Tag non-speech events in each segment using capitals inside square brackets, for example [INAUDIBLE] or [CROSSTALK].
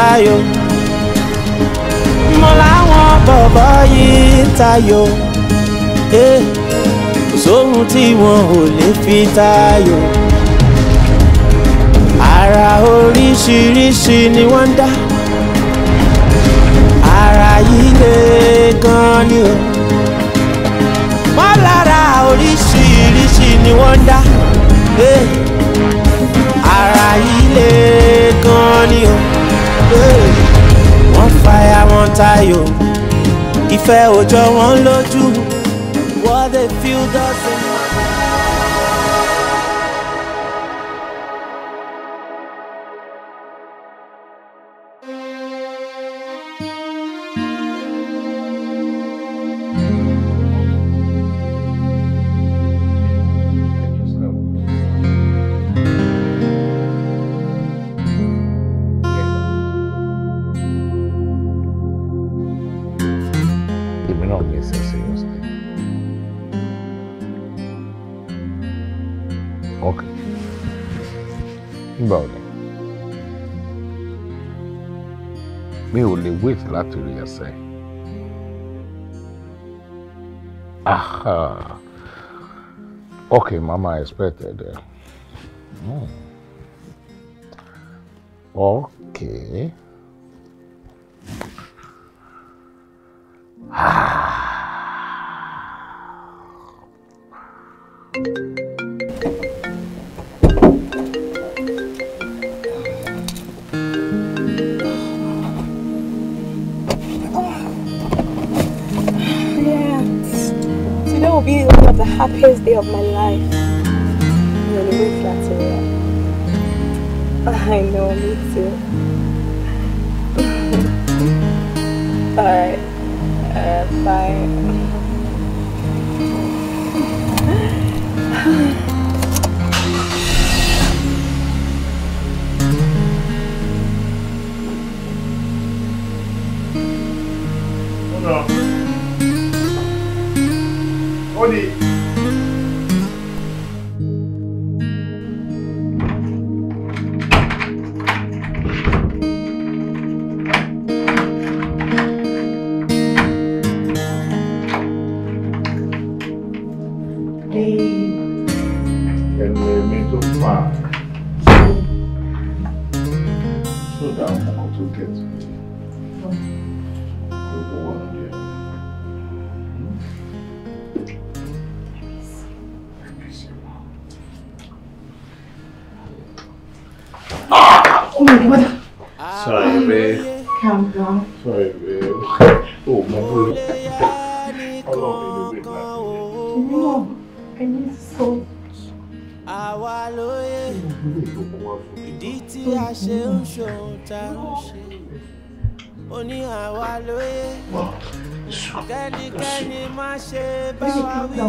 tayò mo láwọn bọ̀bọ̀ yìí tayò eh, kò sóhun tí wọn ò lè fi tayò ara oríṣiríṣi ni wọ́n ń dá ara yìí lè gan ni o wọ́n lára oríṣiríṣi ni wọ́n ń dá eh, ara yìí lè gan ni o. tayò ìfẹ́ òjò wọn lójú what they feel doesn't. láti rí ẹsẹ̀. Aha. Okay, Mama expected. Mm. Okay. Ah. happiest day of my life. When we went flat I know, me too. [LAUGHS] Alright. Uh, bye. Hold on. Hold it.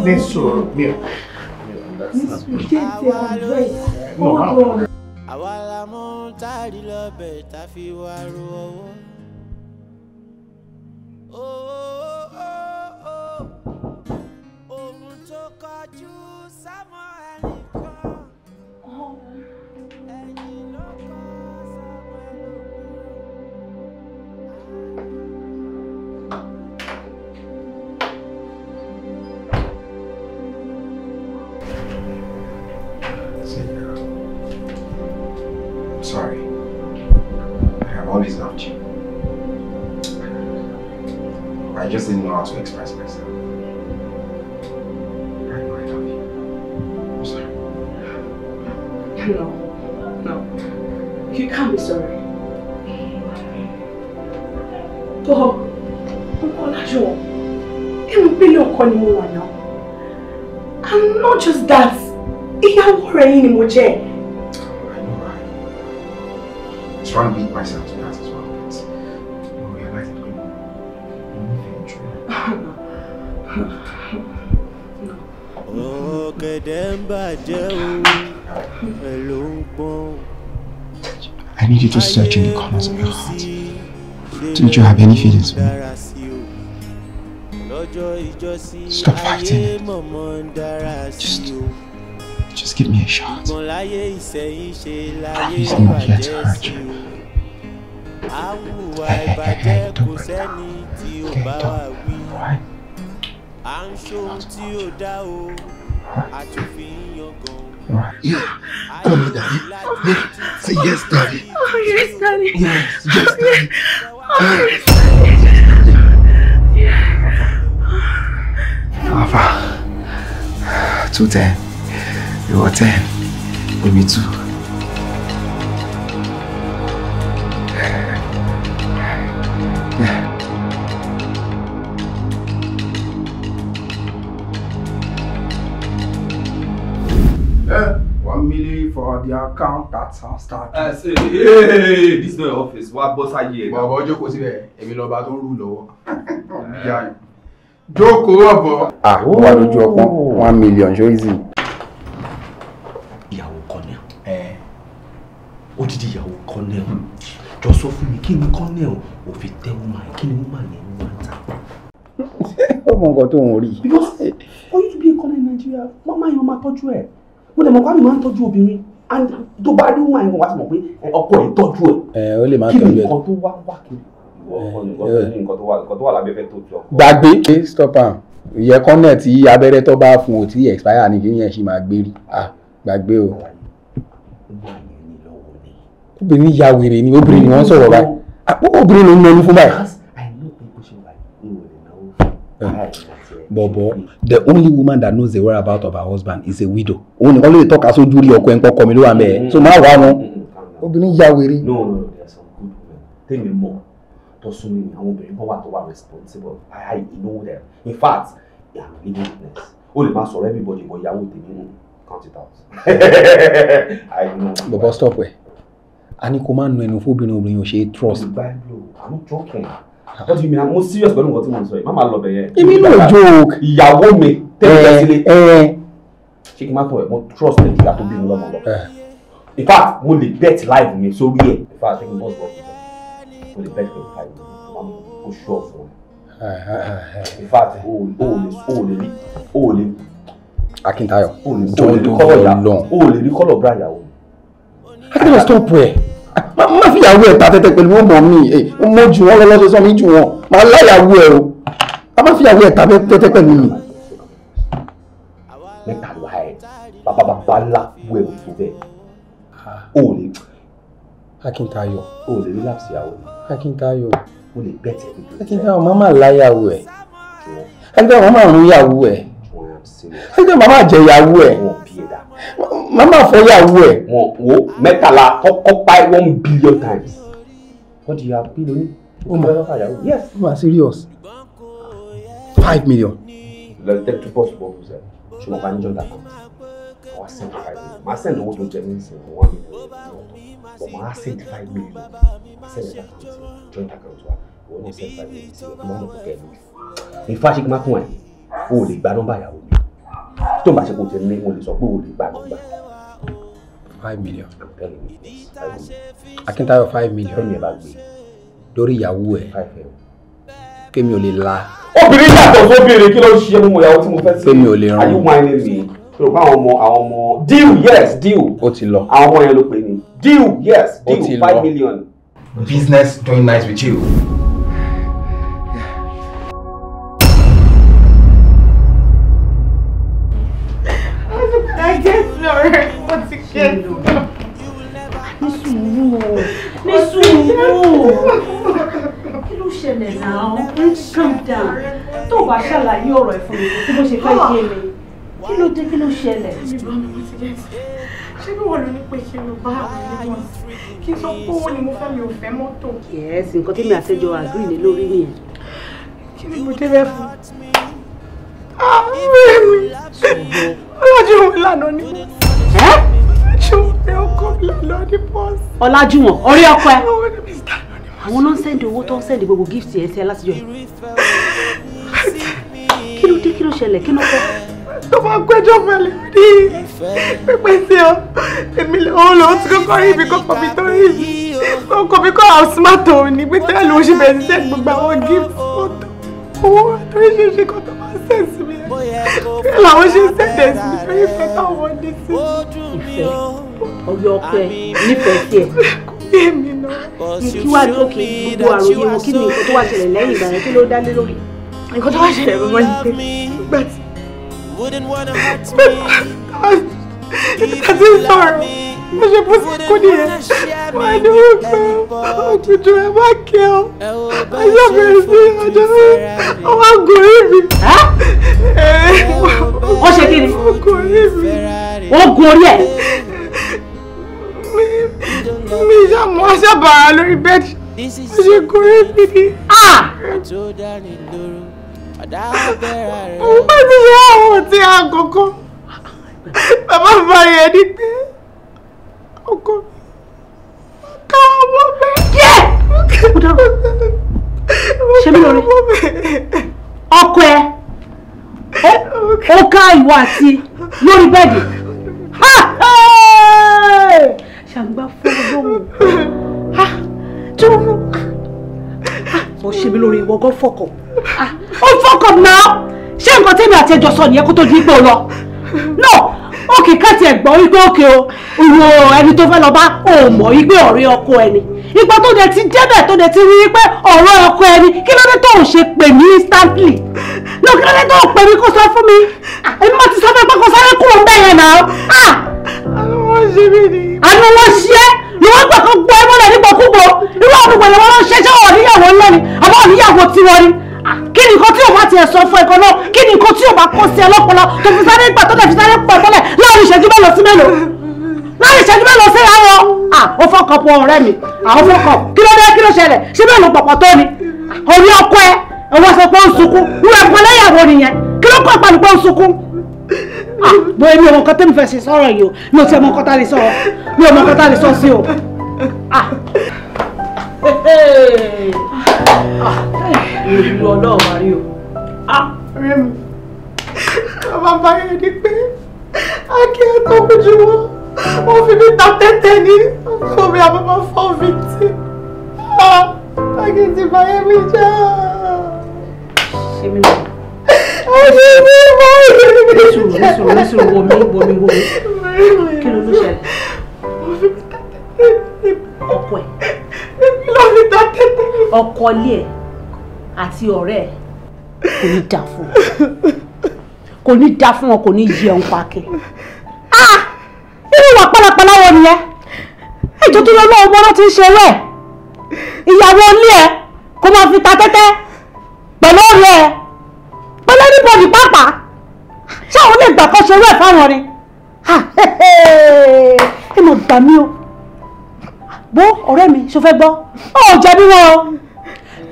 ní sọ̀rọ̀ mi ò àwa la just didn't know how to express myself. No, no. You can't be sorry. Oh, Olajo, I'm not calling you right now. And not just that, ìyàwó rẹ̀ yìí ni mo jẹ́. I know, right? I was trying to beat myself. I need you to search in the corners of your heart. Did not you have any feelings for me? Stop fighting it. Just, just give me a shot. Promise me not yet to hurt you. Hey, hey, hey, hey, don't break down. Okay, don't, alright? That's what Yeah, call me daddy. say yes, daddy. Oh, yes, daddy. Yes, yes, daddy. Oh, yes, daddy. Oh, ah. Yeah. Alpha, two ten, you were ten, maybe two. the account that has started. ee this no your office wa bọ́ sáyé ẹ̀. bọ̀bọ̀ jókòó síbẹ̀ èmi lọ́ba tó ń rù lọ́wọ́. [LAUGHS] Oh, jókòó ọ̀bọ̀. à ó wà lójú ọpọ́n one million ṣó easy. ìyàwó kọ́nẹ́l odidi ìyàwó kọ́nẹ́l jọ sọ fún mi kí ni kọ́nẹ́l ò fi tẹ́ wọ́n máa kí ni wọ́n máa yẹn wọ́n máa ta ó mọ nǹkan tó ń rí. because oyún ti bí nǹkan ní nàìjíríà wọn máa yan máa tọ́jú ẹ̀ mo lè mọ̀ pé máa ń tọ́jú obìnrin and tó bá rí wọn àyẹ̀wò wá sí mọ̀ pé ọkọ ẹ̀ tọ́jú ẹ̀ kí ni nǹkan tó wá wá kiri gbàgbé ké stop am ìyẹn kọ́nẹ̀ tí abẹ́rẹ́ tó bá fún o tí expire ni kéèyàn ṣì máa gbé rí ah gbàgbé o. obìnrin ya wèrè ni obìnrin ni wọ́n sọ̀rọ̀ báyìí àpò obìnrin ló ń lọ ní fún báyìí bọ̀bọ̀ the only woman that knows the whereabout of her husband is a widow òun nìkan ló lè tọ́ka sójú rí ọkọ ẹ̀ ń pọkọ mi ló wà mẹ́ẹ̀ so máa wá wọn obìnrin ya wèrè. no no no there are some good women tèmi mọ tó sún mi àwọn obìnrin kan wà tó wà responsible i i know them in fact they are my leading witness o lè máa sọ̀rọ̀ everybody but ìyàwó tèmi mú count it out [LAUGHS] i know. bọ̀bọ̀ stop ẹ̀ a ní kó má nu ẹnu fóbìnrin obìnrin ò ṣe é trust. ìgbà ìlú i'm not joking wọ́n ti fi mi náà mo serious pẹ̀lú nǹkan tí mo ń sọ yìí má máa lọ bẹ̀ yẹn. èmi ló joke. ìyàwó mi tẹ́lẹ̀ sílé ṣé kí n má tọ̀ ẹ̀ mo trust ẹ̀ ju àtúbí mi lọ́mọ lọ. in fact mo lè bet live mi sórí ẹ̀ in fact ṣé kí n bọ́ sọ̀rọ̀ mo lè bet pẹ̀lú káyọ̀ mo ṣọ́ fún ẹ. in fact o ò lè rí o ò lè. Akíntayọ̀ jọ̀ọ́ lọ́n o ò lè rí kọ́lọ̀ bra ìyàwó. Akíntayọ̀ stop ẹ̀ má fi ìyàwó ẹ̀ ta tẹ́tẹ́ pẹ̀lú wọn mọ̀ mí mo jù wọn lọ́lọ́sọ sọ mi jù wọn má láyàwó ẹ̀ o a má fi ìyàwó ẹ̀ ta tẹ́tẹ́ pẹ̀lú mi. mẹ́ta la ẹ̀ bàbá bàbá ńlá wú o fún bẹ́ẹ̀ ah. o lè. Akíntayọ̀. o lè relax ìyàwó mi. Akíntayọ̀. o lè bẹ́tẹ̀ nítorí. Akíntayọ̀ má má láyàwó ẹ̀. Akíntayọ̀ má má rún ìyàwó ẹ̀. Akíntayọ̀ má má jẹ ìyàwó ẹ̀ má má fẹ́ yàwó ẹ̀. wọn wo mẹ́tàlá kọ́kọ́ pa ẹ̀ one billion times. wọ́n ti yà á bí lóyún. ó mà yes. ó mà serious five million. lọ tẹ tó pọ̀ ṣùgbọ́n kò sẹ́ ṣùgbọ́n ká níjọ́ dà kan wá send five million máa send owó tó jẹ ní ìsìn one million ọ̀tọ̀ wọ́n á send five million send it account joint account wa wọ́n ní send five million sí ọmọ ọmọ kẹ́ẹ̀ lórí. ìfàṣìkì máa fún ẹ o ò lè gba nọ́mbà ìyàwó mi tó ń bá ṣe kó o ti ní mo lè sọ pé o lè gba nọ́mbà five million. I'm telling you, I Akíntayọ̀ five million. Tell Fẹ́mi ẹ̀ bá gbé. Lórí ìyàwó ẹ̀. Fẹ́mi ò lè la. Obìnrin yàtọ̀ sóbìnrin kí ló ń ṣe mú ìyàwó tí mo fẹ́ sí. Fẹ́mi ò lè Are you wáyé me? So, Sọ̀rọ̀ pé àwọn ọmọ àwọn ọmọ deal yes deal. Ó ti lọ. Àwọn ọmọ yẹn ló pè ní deal yes deal five million. Business doing nice with you. now calm down tó o bá ṣàlàyé ọ̀rọ̀ ẹ̀ fún mi tí mo ṣe fẹ́ kí mi kí ló dé kí ló ṣẹlẹ̀. ṣé bí wọ́n ló ní pé kí ló bá àwọn ọmọ kí n sọ pé owó ni mo fẹ́ mi ò fẹ́ mọ́tò. yẹ́sì nǹkan tí mi àtẹ́jọ àgbìn ní lórí nìyẹn. kí ni mo débẹ̀ fún. ààrẹ ah, mi ọlọ́jọ́ mi lànà ni mo. ọlájúwọ̀n ọ̀rẹ́ ọkọ ẹ àwọn náà ń sẹ́ndì owó tó ń sẹ́ndì gbogbo gift ẹ̀ sí ẹ láti jọ yìí. kí ló dé kí ló ṣẹlẹ̀ kí ló fẹ́. tó bá gbẹ́jọ́ balẹ̀ ní pípẹ́ sí ọ èmi òun lòún ti kọ́kọ́ rí ibi kọ́kọ́ mi tó rí ibi kọ́kọ́ mi kọ́ àwọn smart òun ní pé tẹ́lẹ̀ lòún ṣe bẹ̀rẹ̀ sí sẹ́ndì gbogbo àwọn gift owó àtúnṣeṣe kan tó máa ń sẹ́ǹsì mi kí làwọn ṣe ń sẹ́ǹdẹ̀ sí mi torí ìfẹ́ táwọn ọdẹ sí. ìfẹ́ ọyọ ọkọ ẹ nífẹ̀ẹ́ sí ẹ. kò bí èmi kí wàá lókè gbogbo àròyé wọn kí ni nǹkan tó wà ṣẹlẹ̀ lẹ́yìn ìgbà yẹn kí ló dá lé lórí nǹkan tó wà ṣẹlẹ̀ gbogbo ni pé nígbà tí tàbí sọ̀rọ̀ mo ṣe bó ṣe kú nìyẹn wà ní òkè òtútù ẹ má kí ọ ọjọ́ bẹ̀rẹ̀ sí ọjọ́ bí ọwọ́ gòrí mi. ó ṣe kí ni ó gòrí mi. ó gòrí ẹ mi ìṣàmọ́ ṣàbàrà lórí ah! bẹ́ẹ̀dì mo ṣe gorí mi ni. owó ti ṣe àwọn òtí àkọ́kọ́ bàbá bá yẹ ni pé ọkọ mi ká ọmọ bẹ́ẹ̀. ṣé mi lórí ọkọ ẹ ó ká ìwọ àti lórí bẹ́ẹ̀dì ṣàǹgbá fún. ìwọ gan fọkọ ó fọkọ náà ṣé nǹkan tẹ́mi àti ẹjọ́ sọ nìyẹn kó tó di ipò lọ no òkè káàtì ẹ̀gbọ́n wípé òkè o ìwò ẹni tó fẹ́ lọ bá ò mọ̀ wípé ọ̀rẹ́ ọkọ ẹni ìgbà tó dẹ̀ ti débẹ̀ tó dẹ̀ ti rí wípé ọ̀rẹ́ ọkọ ẹni kí ló dé tó ò ṣe pè mí instantly no kí ló dé tó ò pè mí kó sọ fún mi èmi máa ti sọ fún pé kó sáré kúrò ń bẹ̀ yẹn náà ah. àánú wọn ṣe mí ni. àánú wọn ṣe é ni wọn gbà kan gbọ́ ẹ mọ́lẹ̀ nígbà kúgbọ́ irú àwọn olùgbọ̀lẹ̀ wọn ló ń ṣe ṣe náà níyàwó tiwọn ni ah, kí ni nǹkan tí òun bá tiẹ̀ sọ fún ẹ̀kọ́ náà kí ni nǹkan tí òun bá kó sí ẹ lọ́pọlọ tó fi sáré gbà tó fi sáré pọ̀ tọ́lẹ̀ láàrin ìṣẹ́jú mélòó sí mélòó láàrin ìṣẹ́jú mélòó sí ra wọn. àwọn fọkàn pọ̀ ọ̀rẹ́ mi àwọn ah, fọkàn kí ló dé kí ló ṣẹlẹ̀ ṣé bẹ́ẹ̀ ló pọ̀pọ̀ tó ni ah, orí ọkọ ẹ òun ọ̀sẹ̀ pé ó ń sunkún wúwo ẹ̀gbọ́n lẹ́yàwó nìyẹn kí ló kọ́ ìpàdé pé ó ń sunkún bó èmi ọmọ kan tẹ́mi fẹ́ ṣe sọ̀rọ̀ yìí o mi ò tí ọmọ kan tá lè sọ mi ò ìlú ọlọ́run wa rí o. ọ̀rẹ́ mi a máa bá yẹn ni pé a kì í tó kojú wọn wọ́n fi mí ta tẹ́tẹ́ ní omi àbámọ́ fọ́ mi tí a kì í ti bá yẹn mi jẹ́ ṣe mí lọ. Ọjọ́ ìwé ìwé ìwé. Nísùrù nísùrù nísùrù wo mi wo mi wo mi. Kí ló ló ṣẹlẹ̀? Ọkọ ẹ̀ ta tẹ́tẹ́. ọkọ ilé ẹ àti ọ̀rẹ́ ẹ kò ní dá fún wọn kò ní dá fún wọn kò ní yẹun pàkín. Ah! irú wà pálapàla wo nìyẹn ìjọ tó lọ lọ́wọ́ bọ́lá ti ń ṣe rẹ̀ ìyàwó ilé ẹ kó máa fi ta tẹ́tẹ́ pẹ̀lú ọ̀rẹ́ ẹ pẹ̀lú ẹnìbọ̀dì pàápàá ṣáà wọn lè gbà kọ́ ṣe rẹ̀ fáwọn ni ah, ẹ mọ̀ gbà mí o bó ọ̀rẹ́ mi ṣe fẹ́ gbọ́ ó jẹ̀bi wọn o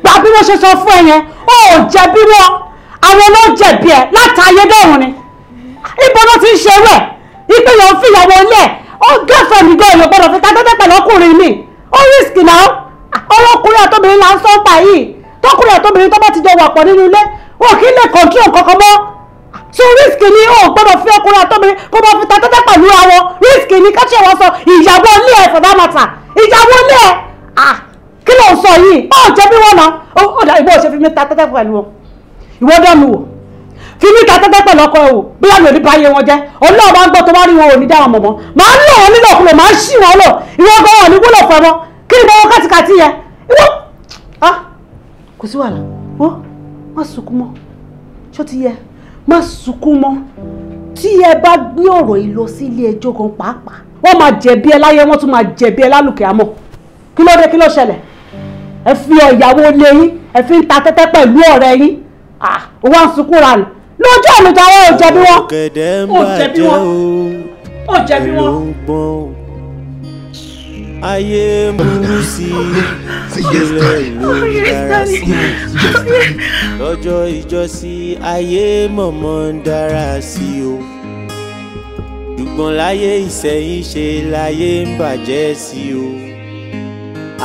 gbà bí wọ́n ṣe sọ fún ẹ yẹn ó jẹ̀bi wọn àwọn ló jẹ̀bi ẹ látàyé dọ̀run ni ibo ló ti ń ṣe rẹ̀ ìpínyàn fìyàwó ilé ó gẹ́fẹ̀ mi gbọ́ èèyàn gbọ́dọ̀ fi ta tẹ́tẹ́ pẹ̀lú ọkùnrin mi ó rìsìkì náà ọlọ́kùnrin àtọ́bìnrin là ń sọ́ńpa yìí tọkùnrin àtọ́bìnrin tó bá ti jọ wà pọ̀ nínú ilé wọn kì í lè kọ̀ọ̀kí òǹkọ̀ọ̀kan mọ́ so risk ni o gbọ́dọ̀ fi ọkùnrin àtọmọbìnrin kó máa fi takẹ́tẹ́ pẹ̀lú ara wọn risk ni ká ṣèwọ sọ ìyàwó ilé ẹ for that matter ìyàwó ilé ẹ ah kí ló ń sọ yìí ó jẹ bí wọn náà ó dà ìbọn òṣèfì mi takẹ́tẹ́ pẹ̀lú wọn ìwọ dánù wò fi mi takẹ́tẹ́ pẹ̀lú ọkọ ẹ wò bóyá mi ò ní báyé wọn jẹ òun náà máa ń gbọ́ tó bá rí wọn ò ní dá wọn mọ̀mọ́ máa ń lọ wọn nílò ọkùnrin máa ń ṣì wọn lọ ìwọ gan wọn ò ní wúlò fún ẹ kí ni gbogbo kàtìkàtì yẹ ìwọ ah kò sí wàhálà wọ́n wọ́n sunkún mọ́ ṣó ti yẹ má sunkún mọ́ tí ẹ bá gbé ọ̀rọ̀ yìí lọ sí ilé ẹjọ́ gan pàápàá wọ́n máa jẹ̀bi ẹ láyé wọ́n tún máa jẹ̀bi ẹ lálùkẹ́ àmọ́ kí ló dé kí ló ṣẹlẹ̀ ẹ fi ọ̀yàwó lé yín ẹ fi ń ta tẹ́tẹ́ pẹ̀lú ọ̀rẹ́ yín wọ́n sunkún ra nù lójú àlùjáwọ́ ò jẹ̀bi wọn ò jẹ̀bi wọn ò jẹ̀bi wọn ayé ń burú sí i [LAUGHS] ilẹ̀ ìlú oh, dára i [LAUGHS] lọ́jọ́ ìjọsí ayé mọ̀mọ́ ń dára sí i o ṣùgbọ́n láyé ìsẹ̀yìn ṣe láyé ń bàjẹ́ sí i o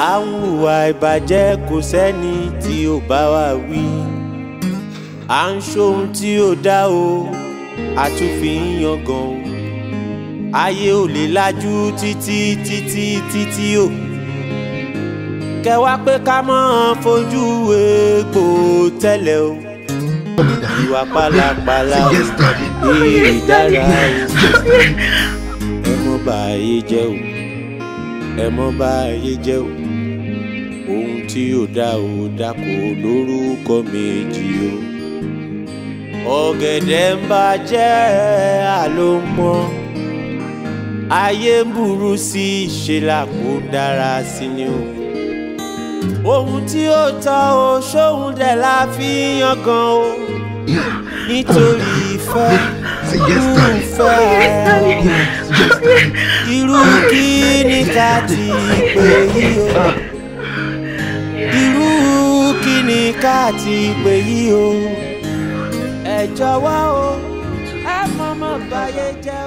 à ń hùwà ìbàjẹ́ kò sẹ́ni tí ò bá wa wí à ń ṣohun tí ò dá o àtúnfi ń yan gan o ayé ò lè lajú títí títí títí o kẹwa pé ká máa fojú egbò tẹ́lẹ̀ o ìwà pálapàla o èè dára o ẹ mọ́ bá ayé jẹ́ o ẹ mọ́ bá ayé jẹ́ o ohun tí ò dá o dákò lórúkọ méjì o ọ̀gẹ̀dẹ̀ ń bàjẹ́ àlòpọ̀ ayé ń burú sí i ṣe làkó dára sí ni o. ohun tí ó tọ́ o ṣóhun dẹ̀ la fi yan gan o nítorí ìfẹ́ irúfẹ́ irú kí ni ká ti pè yí o irú kí ni ká ti pè yí o ẹ jọ̀wọ́ o ẹ mọ̀mọ́ báyé jẹ́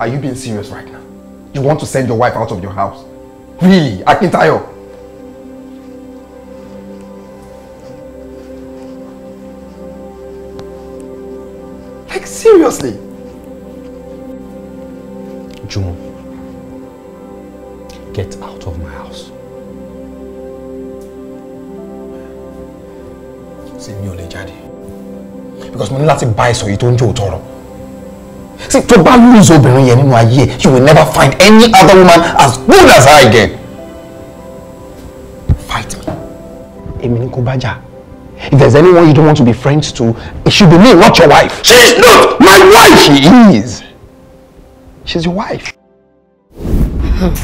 Are you being serious right now? You want to send your wife out of your house? Really, Akintayo? Like seriously? Jumo, get out of my house. See me, Olejade. Because mo ní láti buy so you don't do see tó bá lose obìnrin yẹn nínú ayé you will never find any other woman as good as her again fight me. èmi ni kò bá jà if there is anyone you don't want to be friends to it should be me not your wife. she is not my wife. she is she is your wife. Hmm.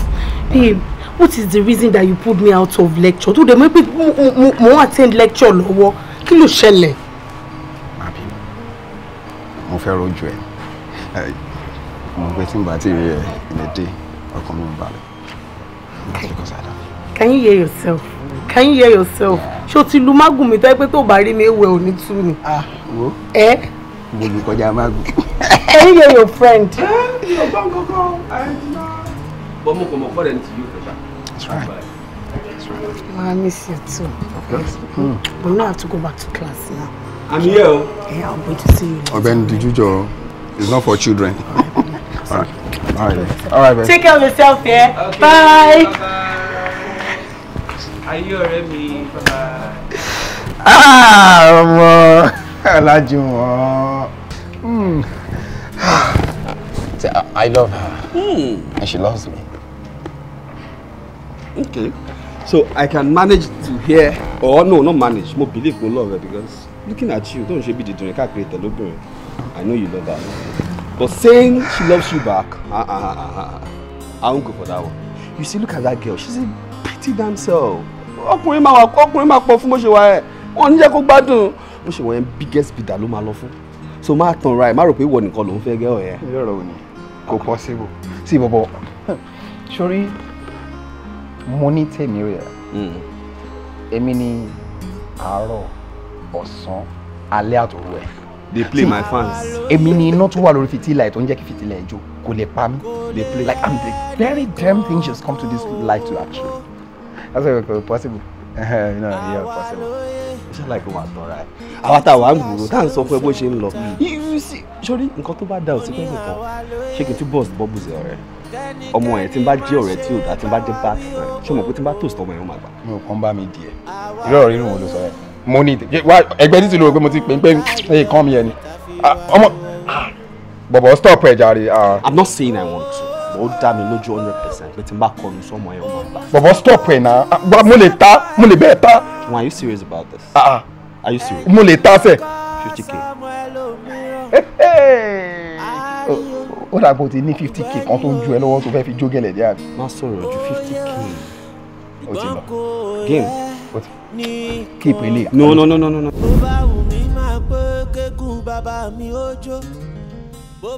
babe what is the reason that you pulled me out of lecture tó dẹ̀ make me mo wọ́n attend lecture lọ́wọ́ kí ló ṣẹlẹ̀. àbí mo fẹ́ rojú ẹ̀ mo gbé tí n bá ti rí ẹ ilé dé ọkàn mi can you hear yourself can you hear yourself ṣé o ti lu mágùn mi tó yẹ pé tó bá rí mi ewé òní tú ni. Ah, wo ẹ mo lù kọjá can you hear your friend. bọ́ mo kò mọ̀ I miss you too. Okay. Mm. But now I have to go back to class now. I'm here. Oh. Yeah, I'm going to see you Oh, Ben, did you Dijujo. It's not for children. [LAUGHS] All right. All right. All right. Babe. Take care of yourself, yeah. Okay. Bye. Are you already? Bye. Bye. Ah, ọmọ Ọlájùmọ̀. [LAUGHS] Hmm. I love her. Hmm. And she loves me. Okay. So I can manage to hear, or no, not manage. More believe more love her because looking at you, don't she be the drink I create a little bit. I know you love her. But saying she loves you back, uh, uh, uh, I won't go for that one. You see, look at that girl. She's a pretty damn soul. Ọkùnrin máa wà ọkùnrin máa pọ̀ fún bó ṣe wà ẹ̀. Wọ́n ní jẹ́ kó biggest bidà ló máa lọ So máa tàn ra ẹ̀ má rò pé ìwọ nìkan ló ń fẹ́ gẹ́ọ̀ yẹn. possible. See, bọ̀bọ̀ sórí money ní tèmi Emini hmm. aro ni son ọ̀sán alẹ́ àtòwú they play See, my fans. èmi ni iná tó wà lórí fìtílà ẹ̀ tó ń jẹ́ kí fìtílà ẹ̀ jó kò lè pa mí. they play like i'm the very damn thing she's come to this life to actually. that's why it's possible. [LAUGHS] you know yeah possible. ṣé láìpẹ́ like tán ra ẹ̀. àwa tá a wà ń gbòòrò tá à ń sọ fún ẹ bó ṣe ń lọ. Mm. sori nǹkan tó bá da ò sí pẹ́ nìkan ṣé kí n tún bọ́ọ̀sì bọ́ọ̀bù sí ọ̀rẹ́ ọmọ ẹ̀ tí n bá jẹ́ ọ̀rẹ́ tí ò dá tí n bá jẹ́ bá ti rẹ̀ ṣé mo pé tí n bá tòsí ọmọ ẹ̀ ń máa gbà. mi ò kàn bá mi di ẹ ìrọ̀rọ̀ rírun wo ló sọ yẹn mo ní ẹgbẹ́ títí lóore pé mo ti pè é pé ẹ kàn mí ẹ ni ah, ọmọ ah, bọ̀bọ̀ stop ẹ jàre. Ah. i'm not saying i want to but ó dá mi lójú hundred percent pé tí n bá kọnu sọmọ ẹ ọmọ ọba. bọ̀bọ̀ stop ẹ náà mo lè ta mo lè bẹ́ẹ̀ ta. wọn are you serious about this. Uh-uh. are you serious. mo lè ta sẹ. fifty k. ó dàgbò tí ní fifty k kan tó ju ẹ lọ́wọ́ tó fẹ́ fi jó gẹ̀lẹ̀ dé àbí. má sọ̀rọ̀ ju fifty k o ti lọ game o ti keep ele. no no no no no. bó bá wù mí máa pé kékun bàbá mi ó jó bó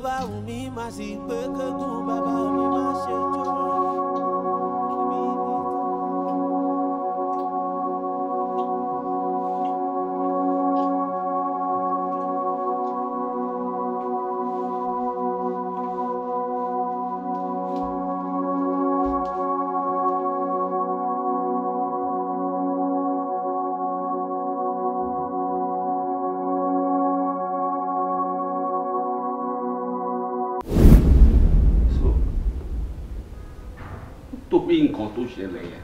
mí nǹkan tó ṣẹlẹ̀ yẹn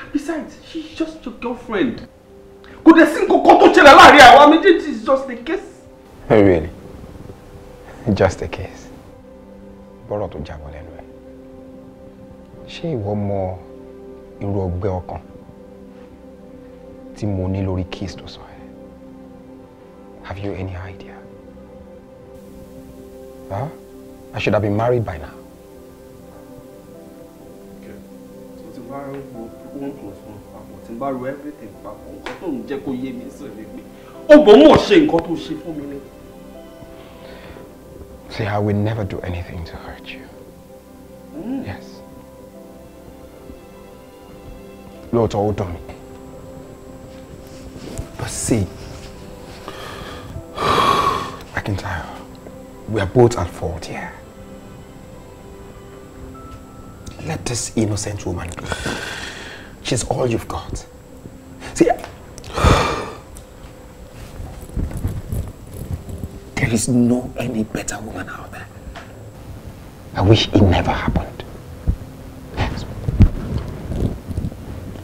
and besides she's just your girlfriend kò dẹ̀ sí nǹkan kan tó ṣẹlẹ̀ láàrin àwa méjèèjì it's just a case. really just a case bọ́rọ̀ tó jábọ̀ lẹ́nu ẹ̀ ṣé ìwọ mọ irú ọgbẹ́ ọkàn tí mo ní lórí case tó sọ ẹ́ have you any idea? Huh? I should have been married by now. one plus papọ̀ tí n bá ro everything papọ̀ nǹkan tó ń jẹ́ kó yé mi sọ ni pé ó ṣe nǹkan tó ṣe fún mi ni. See, I will never do anything to hurt you. Mm. Yes. Lóòótọ́ ó dùn mí. But see, I we are both at fault here. Let this innocent woman go. She's all you've got. See, there is no any better woman out there. I wish it never happened.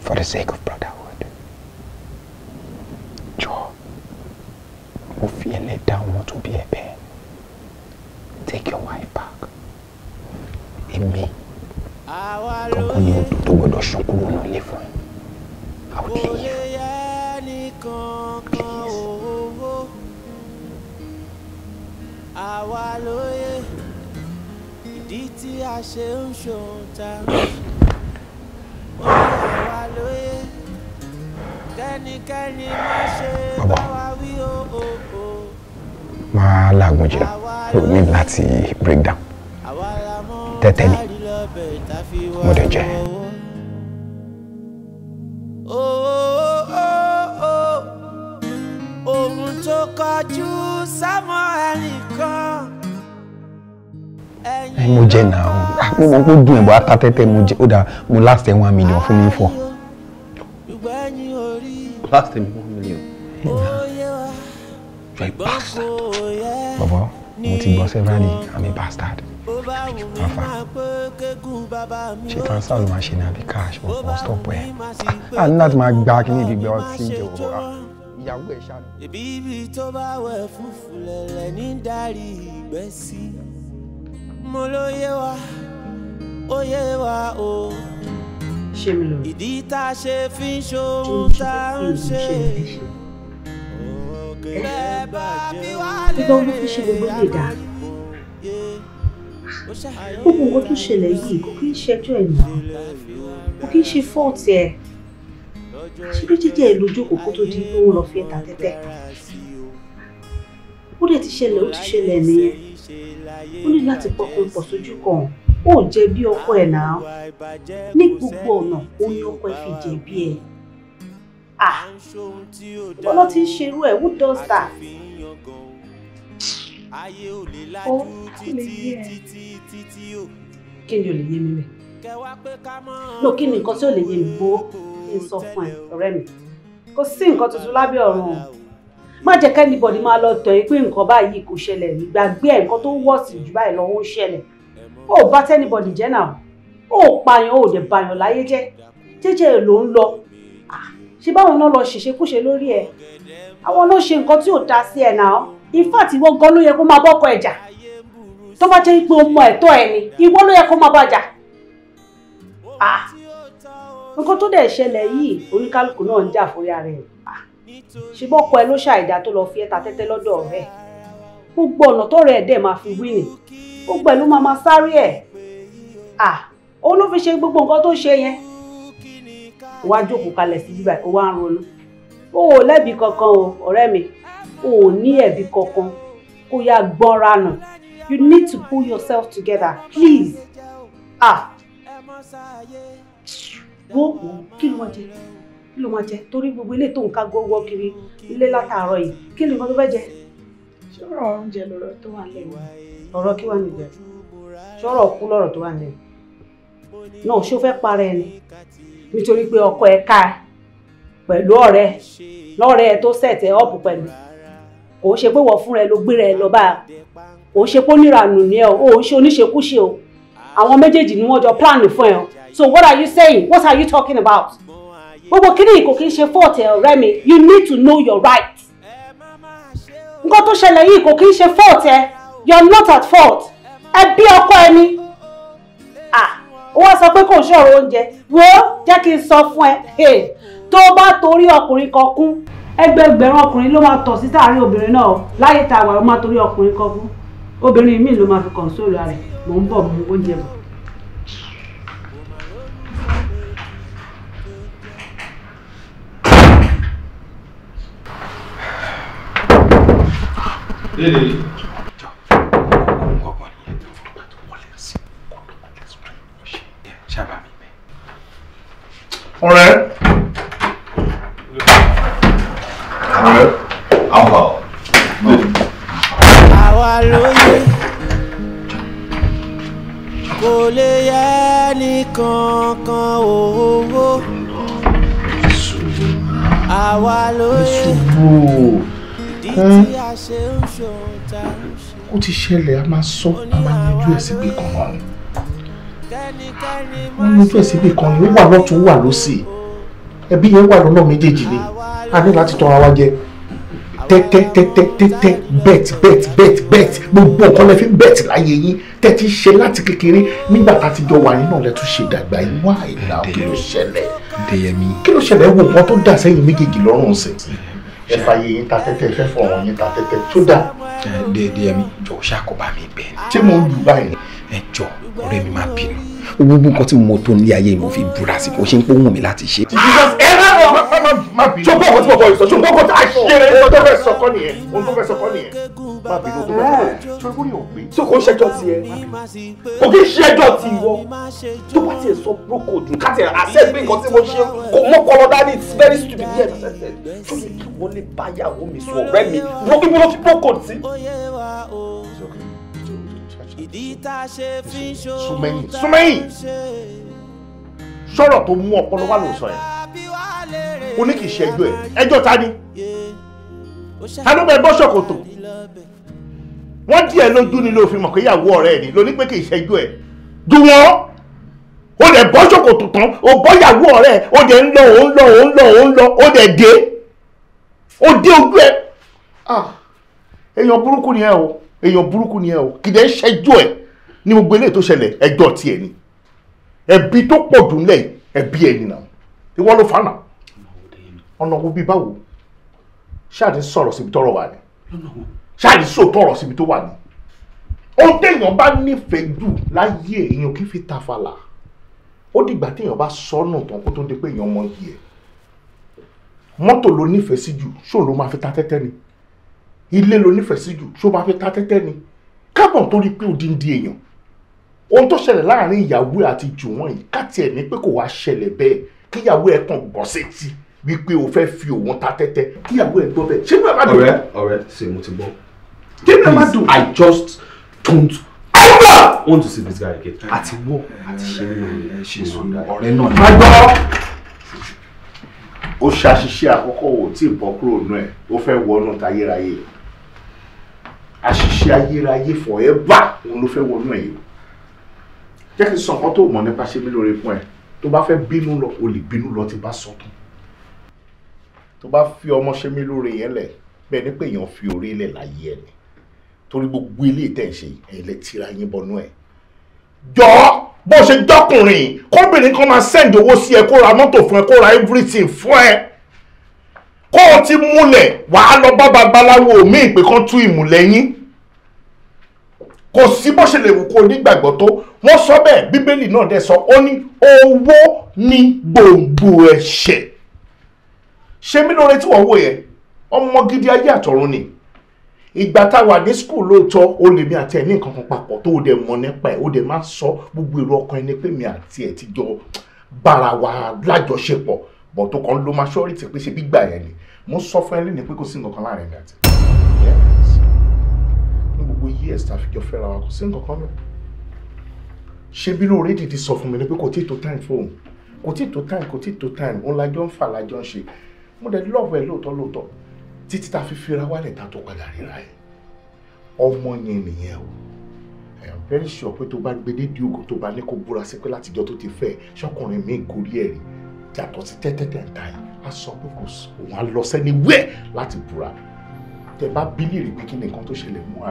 For the sake of brother. láti break down tẹ́tẹ́ ni mo dẹ̀ jẹ́. ohun tó kọjú sámọ ẹnìkan. mo jẹ náà ah, mo mọ pé dùn ẹ̀bọ̀ ata tẹ́tẹ́ mo jẹ ó dà mo last ẹ̀ one million fún mi fọ. last ẹ̀ mi mo ti gbọ́ severally i'm a bastard afa ṣe transfer ló máa ṣe ní àbí cash mo kàn stop ẹ a ní láti máa gba kí ní gbígbẹ ọtí jẹ òwò ra ìyàwó ẹ ṣáà. ibi ibi tó bá wẹ̀ fúfú lẹ̀lẹ̀ ní dárí ìgbẹ́ sí mo ló yé wa ó yé wa o ìdí tá a ṣe fi ń ṣòwò tá a ń ṣe ìgbà wo ló fi ṣe gbogbo lè dá gbogbo nǹkan tó ṣẹlẹ̀ yìí kò kí ń ṣẹjọ́ ẹ̀ nù kò kí ń ṣe fọ́ọ̀tì ẹ̀ ṣé ló jíjẹ́ ẹ̀ lójú kòkó tó di pé òun lọ fi ẹ̀ta tẹ́tẹ́ ó dẹ̀ ti ṣẹlẹ̀ ó ti ṣẹlẹ̀ nìyẹn ó ní láti pọkàn pọ̀ sójú kan ó jẹ́ bí ọkọ ẹ̀ náà ní gbogbo ọ̀nà ó ní ọkọ ẹ̀ fi jẹ́ bí ẹ̀ ah bọ́lá ti ń ṣerú ẹ̀ who does that? ó kí lè yé ẹ kí ni ò lè yé mi mẹ́ lò kí ni nǹkan tí ò lè yé mi bó kí n sọ fún ẹ ọ̀rẹ́ mi kò sí nǹkan tuntun lábẹ́ ọ̀run o má jẹ́ kẹ́nìbọ̀dì máa lọ tọ̀ ẹ́ pé nǹkan báyìí kò ṣẹlẹ̀ gbàgbé ẹ̀ nǹkan tó wọ̀sì jù báyìí lọ́wọ́ ń ṣẹlẹ̀ ó bá tẹ́nìbọ̀dì jẹ́ náà ó pààyàn ó dẹ̀ bààyàn láyé jẹ́ jẹ́jẹ́ ló ń lọ ṣé báwọn náà lọ ṣèṣekúṣe lórí ẹ àwọn ló ṣe nǹkan tí ò dá sí ẹ náà in fact ìwọ gan ló yẹ kó máa bọ́kọ ẹ̀jà tó bá jẹ́ pé o mọ ẹ ni ìwọ ló yẹ kó máa bàjà nǹkan tó dẹ̀ ṣẹlẹ̀ yìí oníkálukú náà ń jà fúnra rẹ̀ ṣe bọ́kọ ẹ ló ṣàìdá tó lọ fi ẹ̀ta tẹ́tẹ́ lọ́dọ̀ ọ̀rẹ́ gbogbo ọ̀nà tó rẹ̀ dẹ̀ máa fi wí ni gbogbo ẹ̀ ló máa máa sáré ẹ̀ òun ló fi ṣe gbogbo nǹkan tó ṣe yẹn o wá jókòó kalẹ̀ sí bíbá o wá ń ronú o ò lẹ́bi kankan o ọ̀rẹ́ mi o ò ní ẹ̀bi kankan kó yá gbọ́nra nù you need to pull yourself together please ah wo kí ló wọ́n jẹ kí ló máa jẹ torí gbogbo ilé tó ń ká gbọ́wọ́ kiri ilé látàárọ̀ yìí kí ló máa tó fẹ́ jẹ. ṣọ́rọ̀ oúnjẹ lọ́rọ̀ tó wà lẹ́nu. ọ̀rọ̀ kí wàá nìjẹ́ ṣọ́rọ̀ kú lọ́rọ̀ tó wà lẹ́nu náà ṣó fẹ́ para ẹni nítorí pé ọkọ ẹ ká pẹ̀lú ọ̀rẹ́ lọ́rẹ́ ẹ tó sẹ̀tẹ̀ ọ̀pù pẹ̀lú kò ṣe pé wọ́n fúnra ẹ ló gbéra ẹ lọ bá kò ṣe pé oníranù ni ẹ o ò ṣe oníṣekúṣe o àwọn méjèèjì ni wọ́n jọ plan fún ẹ o so what are you saying what are you talking about gbogbo kí ni kò kí ń ṣe fọ́ọ̀tì ọ̀rẹ́ mi you need to know your right nǹkan tó ṣẹlẹ̀ yìí kò kí ń ṣe fọ́ọ̀tì ẹ you are not at fault ẹ bí ọkọ ẹni ó wá sọ pé kò ṣọ̀rọ̀ oúnjẹ wo jẹ́ kí n sọ fún ẹ tó bá torí ọkùnrin kan kú ẹgbẹgbẹ̀rún ọkùnrin ló máa tọ̀ sí sáàárín obìnrin náà láyé tá a wà ó máa torí ọkùnrin kan kú obìnrin míì ló máa fi kọ̀ǹsóòlù rẹ̀ mò ń bọ̀ mú oúnjẹ bọ̀. Ele ṣẹlẹ̀ a máa sọ a máa yanjú ẹ̀ síbi kan náà ni wọ́n yanjú ẹ̀ síbi kan ni ó wà lọ́tún ó wà lọ́sì ẹbí yẹn wà lọ́nà méjèèjì ni a ní láti tọ́ra wa jẹ tẹ́tẹ́tẹ́tẹ́tẹ́ bẹ́ẹ̀t bẹ́ẹ̀t bẹ́ẹ̀t bẹ́ẹ̀t gbogbo nǹkan lẹ fi bẹ́ẹ̀t láyé yín tẹ́tí ṣe láti kékeré nígbà tá a ti jọ wà yín náà lẹ tún ṣe dàgbà yín wá ìlà kí ló ṣẹlẹ̀ kí ló ṣẹlẹ̀ wo nǹkan tó dà sẹ́yìn méjèèjì lọ́rùn sí ẹ fàyè yín ta tẹ́tẹ́ fẹ́ fọ̀rọ̀ yín ta tẹ́tẹ́ tó dáa déédéé mi jọ ṣáà kó bá mi bẹ́ẹ̀ ni. ṣé mo ń lù báyìí. ẹ jọ ọ̀rẹ́ mi máa bínú gbogbo nǹkan tí mo tó ní ayé mo fi búra sí kò ṣe ń pòhùn mi láti ṣe. Jesus ever má bínú. ṣùgbọ́n ọkọ tí mo kọ ìsọ ṣùgbọ́n ọkọ tí a ṣeré ìsọ tó fẹ́ sọkọ nìyẹn ohun tó fẹ́ sọkọ nìyẹn má bínú tó fẹ́ sọkọ ṣùgbọ́n yóò gbé. so kò ń ṣẹjọ́ ti ẹ kò kí ń ṣẹjọ́ ti ìwọ tó bá tiẹ̀ sọ broko dùn káti ẹ access bí nǹkan tí mo ṣe kò mọ kọlọ dání it's very stupid yet access ṣùgbọ́n kí wọ́n lè bá yàwó mi sọ ọ̀rẹ́ mi wọ́n kí mo lọ fi broko sí ìdí tá tó mú ọpọlọ wà lóòsàn yẹn o ní kì í ṣe ẹjọ́ ẹ ẹjọ́ ta ni ta ló bẹ bọ́ ṣòkòtò wọ́n lójú ni ló fi mọ̀ pé ìyàwó ọ̀rẹ́ ni ló ní pé kì í ṣe ẹjọ́ ẹ dùn wọ́n o dẹ̀ bọ́ ṣòkòtò tán o bọ́ ìyàwó ọ̀rẹ́ o dẹ̀ ń lọ o ń lọ o ń lọ o ń lọ o dẹ̀ dé o dé ojú ẹ ah! èèyàn burúkú ni ẹ o èèyàn burúkú ni ẹ o kìdẹ̀ ṣẹjú ẹ ní gbogbo eléyìí tó ṣẹlẹ̀ ẹjọ́ tiẹ̀ ni ẹbí tó pọ̀ jù ńlẹ̀ ẹbí ẹ nìyà ìwọ ló fà náà ọ̀nà wo bíi báwo ṣáàdì sọ̀rọ̀ síbi tọ́rọ̀ wà ní ṣáàdì sòótọ́ ọ̀rọ̀ síbi tó wà ní. ohun téèyàn bá nífẹ̀ẹ́ jù láyé èèyàn kì í fi ta falà ó dìgbà téèyàn bá sọnù tán kó tó ń pé èèyàn mọ iyì ẹ̀ mọ́tò ló nífẹ̀ẹ́ sí jù ṣó ló máa fi ta tẹ́tẹ́ ni ilé ló nífẹ̀ẹ́ sí jù ṣó máa fi ta tẹ́tẹ́ ni kábọ̀n tó rí pé òdi ń di èèyàn ohun tó ṣẹlẹ̀ láàrin ìyàwó àti jùwọ́n yìí káàtì ẹ̀ ní pé kò wá ṣẹlẹ̀ bẹ́ẹ̀ kíyàwó ẹ̀ kàn gbọ́n sétí wípé o fẹ́ fi òun ta tẹ́tẹ́ kíyàwó ẹ̀ gbọ́ bẹ́ẹ̀ ṣé bí bá dùn. ọ̀rẹ́ ọ̀rẹ́ ṣe mo ti gbọ́. kí ni ẹ dùn. I just don't I want to see this guy again. àti wọ́ àti ṣe é ṣe sùn ọ̀rẹ́ náà. má gbọ́ ó ṣàṣìṣe àkọ́kọ́ wò tí ìbọn kúrò nù ẹ̀ ó fẹ́ wọnú tayérayé àṣìṣe ayérayé forever òun ló fẹ́ wọnú ẹ̀ yìí jẹ́ kí n sọ nǹkan tó mọ̀ nípa ṣe mí lóore fún ẹ tó bá fẹ́ bínú lọ o lè bínú lọ tí bá sọ tán tó bá fi ọmọ ṣe mí lóore yẹn lẹ̀ bẹ́ẹ̀ ni pé èèyàn fi oore lẹ̀ láyé ẹ̀ ni torí gbogbo ilé tẹ̀ ń ṣe ẹ̀yìn lẹ tira yín bọnú ẹ̀ jọ bó ṣe dọkùnrin kóbìnrin kan máa send owó sí ẹ kó ra mọ́tò fún ẹ kó ra everything fún ẹ kó o ti múlẹ̀ wàá lọ bá babaláwo míì pé kán tú ìmùlẹ̀ yín kò sí bó ṣe lè wù kó nígbàgbọ́ tó wọ́n sọ bẹ́ẹ̀ bíbélì náà dẹ̀ sọ ó ní owó ní gbòǹgbò ẹ̀ṣẹ̀ ṣé mí lóore tí wọ́n wò yẹn ọmọ gidi ayé àtọ̀run ni ìgbà tá a wà ní skul lóòótọ́ ó lè mi àti ẹ̀ ní nǹkan kan papọ̀ tó o dẹ̀ mọ̀ nípa ẹ̀ ó dẹ̀ máa sọ gbogbo èrò ọkàn ẹni pé mi àti ẹ̀ ti jọ bára wa lájọṣepọ̀ bọ̀ tó kàn ló maturity pé ṣe gbígbà yẹn ni mo sọ fún ẹ lẹ́nu pé kò sí nǹkan kan láàrin mi àti ẹ̀ ní gbogbo years tá a fi jọ fẹ́ra wa kò sí nǹkan kan náà ṣe bí lóore dìde sọ fún mi ni pé kò tí ì tó time fóun kò tí ì tó time kò tí ì tó time òun lájọ ń fà lájọ ń ṣe mo dẹ̀ lọ́ọ̀bù ẹ̀ lóòótọ́ lóòótọ́ títí tá a fi fira wálẹ̀ tá a tó padà ríra ẹ̀ ọmọ yẹn nìyẹn o ẹ̀ ń fẹ́ sọ pé tó bá gbé dédìí ògùn tó bá ní kó búra sí pé látijọ́ tó ti fẹ́ ṣọkùnrin mi gorí ẹ̀ rí yàtọ̀ sí tẹ́tẹ́tẹ́ ń ta yìí a sọ pé kò sí á lọ sẹ́ni wẹ́ẹ̀ láti búra tẹ bá bílí rí pé kí nìkan tó ṣẹlẹ̀ mú a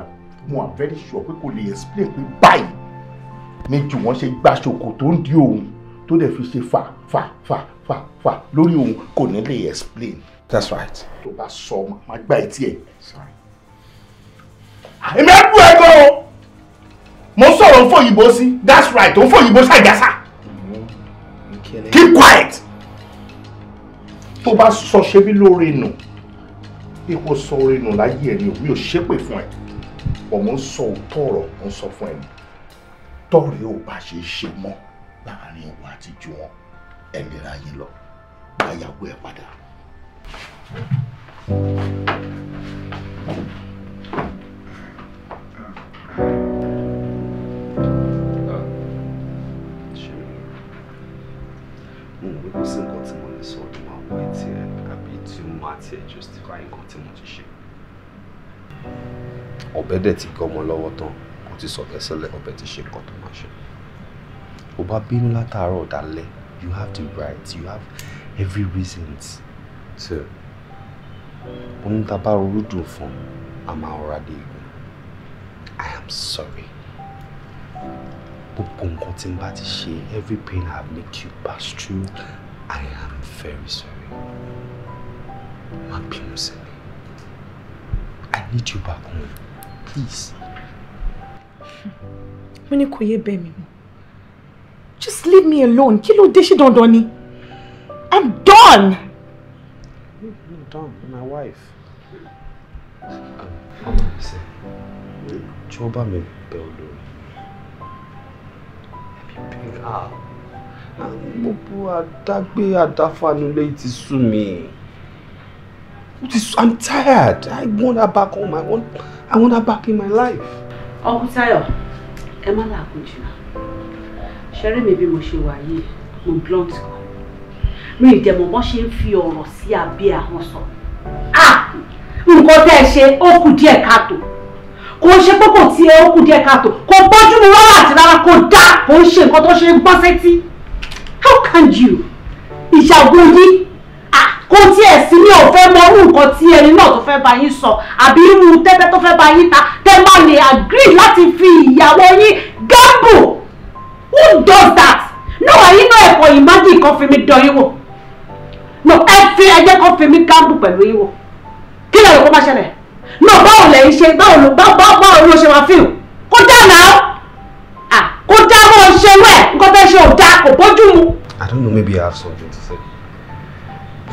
mo am very sure pé kò lè explain pé báyìí ni jù wọ́n ṣe gba ṣòkò tó ń di òun tó dẹ̀ fi ṣe fà fà fà fà fà lórí òun kò ní lè explain. that's right. tó bá sọ ọmọ máa gbá etí ẹ. èmi á bú ẹ o mo sọ̀rọ̀ ń fòyìnbó sí that's right òun fòyìnbó ṣàjàsà keep quiet tó bá sọ ṣe bí lóore nù ipò sọ orin nù láyé ẹ ni òbí ò ṣépè fún ẹ ọmọ ń sọ òótọ́ ọ̀rọ̀ ń sọ fún ẹ tọrẹ ò bá ṣe é ṣe mọ́ láàrin ìwà àtijọ́ wọn ẹ̀mìíràn yín lọ báyàwó ẹ̀ padà. mo mọ̀ pé kò sí nǹkan tí mo lè sọ tó máa wọ etí ẹ àbí tí mo máa tiẹ̀ justify nǹkan tí mo ti ṣe. ọ̀bẹ dẹ̀ ti gé ọmọ lọ́wọ́ tán kò ti sọ̀kẹ́sẹ́lẹ̀ ọ̀bẹ ti ṣe nǹkan tó máa ṣe o bá bínú látàárọ̀ dalẹ́ you have the right you have every reason to ohun tá a bá ronú dùn fún a máa rọra dé igun I am sorry gbogbo nǹkan tí n bá ti ṣe every pain I have make you pass through I am very sorry má bínú sí I need you back home please. mo ní kò yé bẹ́ẹ̀ mi mọ́. Just leave me alone. Kí ló dé don't dandan ni? I'm done. I'm done. My wife. Ọmọ mi sẹ́, tí wọ́n bá mi bẹ̀ ọ́ lórí, ẹbí ti sú mi. I'm tired. I want her back home. I want, I want her back in my life. Uncle Tayo, Emma, làákùn jìnnà ṣẹ́rí mi bí mo ṣe wà yìí mo blunt kan mi ì dẹ̀mọ̀ bọ́n ṣe ń fi ọ̀rọ̀ sí abẹ́ àwọn sọ ah! nǹkan tẹ́ ẹ ṣe ó kù díẹ̀ káàtó kò ṣe pé kò tí ẹ ó kù díẹ̀ káàtó kò bójú mu rárá àti rárá kò dá kò ń ṣe nǹkan tó ṣe ń gbọ́ sétí how can you ìṣàgbọ́ yìí ah! kò tí ẹ sí ní ọ̀fẹ́ mọ irú nǹkan tí ẹni náà tó fẹ́ bá yín sọ àbí irú tẹ́tẹ́ tó fẹ́ bá yín ta tẹ́ máa lè agree láti fi ìyàwó yín gamble. Who does that? No, ẹ̀yin náà ẹ̀kọ́ yìí má dì kan fi mi dán yín wò. No, ẹ fi ẹjẹ́ kan fi mi gamble pẹ̀lú yín wò. Kí ló yẹ kó má ṣẹlẹ̀? No, báwo lẹ̀ ń ṣe báwo ló báwo ló ṣe máa fíìmù? Kó dá náà. Ah, kó dá bó ṣe wẹ̀ nǹkan fẹ́ ṣe ò dáa kò bójú mu. I don't know maybe I have something to say.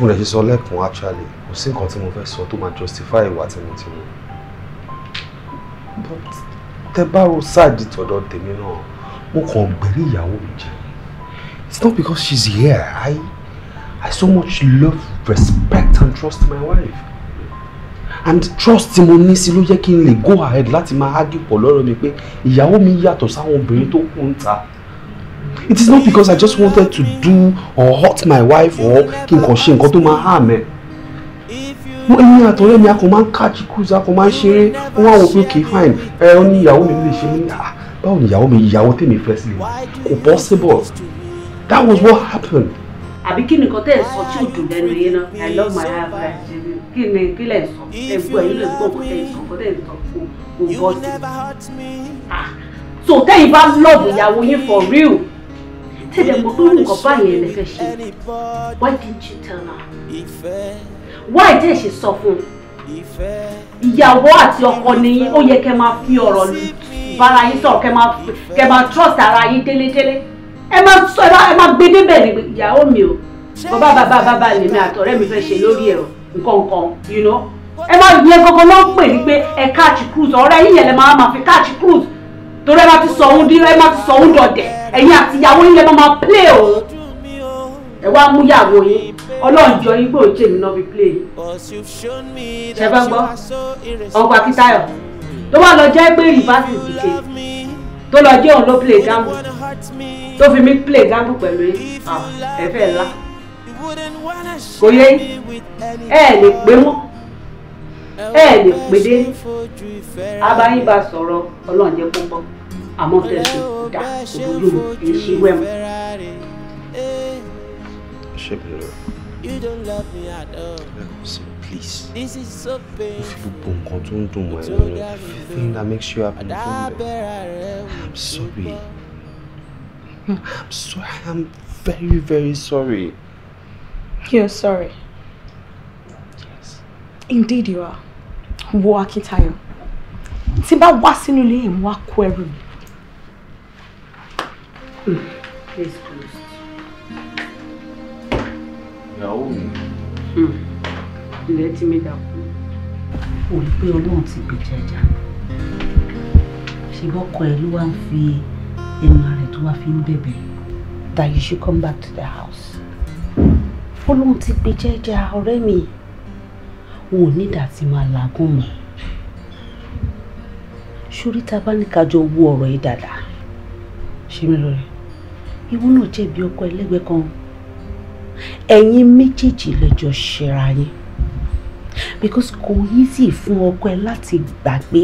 Mo lè ṣe sọ lẹ́kùn actually, kò sí nǹkan tí mo fẹ́ sọ tó máa justify ìwà tí mo ti mú. But tẹ bá ro sáàdì tọ̀dọ̀ tèmi náà mo gbẹ̀rí ìyàwó mi jẹ it's not because she's here i i so much love respect and trust my wife and trust tí mo ní sí ló jẹ́ kí n lè go ahead láti máa argue pọ̀ lọ́rọ̀ mi pé ìyàwó mi yàtọ̀ sáwọn obìnrin tó kù ń ta it is not because i just wanted to do or hurt my wife or kí n kàn ṣe nǹkan tó máa harm ẹ mo ẹni àtọ̀rẹ́ mi a kò máa ń kájí cruise a kò máa ń ṣeré wọ́n wá wò pé okay fine ẹ ó ní ìyàwó mi lè ṣe ní báwo ni ìyàwó mi ìyàwó tèmi fẹ́ sí kò possible that was what happened. àbí kí nìkan tẹ́ ẹ̀ sọ tí ò dùn lẹ́nu yín náà i love my life right kí ni kí lẹ̀ sọ ẹ̀ gbọ́ ẹ̀yìn lè gbọ́ òkúta ẹ̀ sọ kó tẹ̀ sọ kó bọ́ sí. Ah, so tẹ́yìn bá love ìyàwó yín for real tẹ́lẹ̀ mọ̀ pé nǹkan báyẹn lè fẹ́ ṣe why didn't you tell her why didn't she sọ fún un ìyàwó àti ọkọ nìyí ó yẹ kẹ́ máa fi ọ̀rọ̀ lù t bára yín sọ̀rọ̀ kẹ́ máa kẹ́ máa trust ara yín délédélé ẹ máa sọ ẹ máa gbé débẹ̀ ní ìyàwó mi o bàbá bàbá bàbá lèmi àtọ̀rẹ́ mi fẹ́ ṣe lórí ẹ̀rọ nǹkan you know ẹ máa yẹ gbogbo náà pè ní pé ẹ catch cruise ọ̀rẹ́ yín yẹn lè máa máa fi catch cruise torí ẹ máa ti sọ ohun díẹ̀ ẹ máa ti sọ ohun dọ̀dẹ̀ ẹ̀yin àti ìyàwó yín lè máa play o ẹ wá mú ìyàwó yín ọlọ́run jọ yín pé òun náà fi play ṣẹ bá gbọ́ ọgbà kí táyọ̀ tó wà lọ jẹ́ pé rìvásì ti ṣe tó lọ jẹ́ òun ló play gamble tó fi mí play gamble pẹ̀lú ẹ̀fẹ̀ ńlá kò yẹ ẹ lè pé mọ́ ẹ lè pé dé abáyíba sọ̀rọ̀ ọlọ́run jẹ́ pọ́npọ́ àmọ́ tẹ̀sí dà òbúrú èsì wẹ̀mọ́. ṣé bẹ̀rẹ̀ ẹ kò sí please. This is so painful. gbogbo nǹkan tó ń dùn that makes you happy I'm sorry. I'm sorry. I'm very very sorry. You're sorry. Yes. Indeed you are. Wo Akitayo. Tí n bá wá sínú ilé yìí, mo wá kó ẹrù mi. Hmm. Please close. Ìyàwó ilẹ̀ tí mi dà kú. o rí pé ọlọ́run ti gbèjà ẹja ṣe bọ́kọ ẹ ló wá ń fi ẹnu rẹ̀ tó wá fi ń bẹ̀bẹ̀ that you should come back to the house. ọlọ́run ti gbèjà ẹja ọ̀rẹ́ mi wọn ò ní ìdá tí máa làágùn mọ́ sórí tá a bá ní kájọ owó ọ̀rọ̀ yìí dáadáa ṣe mí lórí ìwọ náà jẹ̀bi ọkọ ẹlẹ́gbẹ́ kan ẹ̀yin méjèèjì lẹ́jọ́ ṣera yín because kò easy fún ọkọ ẹ láti gbàgbé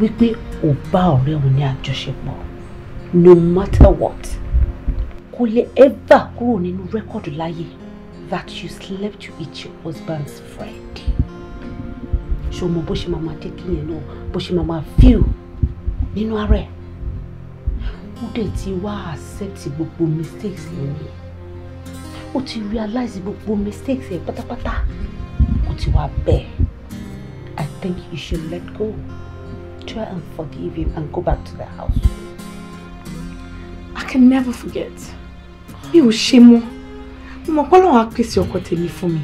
wípé ò bá ọ̀rẹ́ òun ní àjọṣepọ̀ no matter what kò lè ever kúrò nínú rẹ́kọ̀dù láyé that you slept with your husband's friend ṣé o mọ bó ṣe máa máa dé kíyẹn náà bó ṣe máa máa feel nínú ara ẹ̀ ó dẹ̀ ti wá accept gbogbo mistakes yẹn ni ó ti realize gbogbo mistakes yẹn pátápátá. To wá bear, I think you should let go try and forgive him and go back to the house. I can never forget You, ò ṣe mọ́ mo mọ̀ pé Ọlọ́run á pèsè ọkọ tèmi fún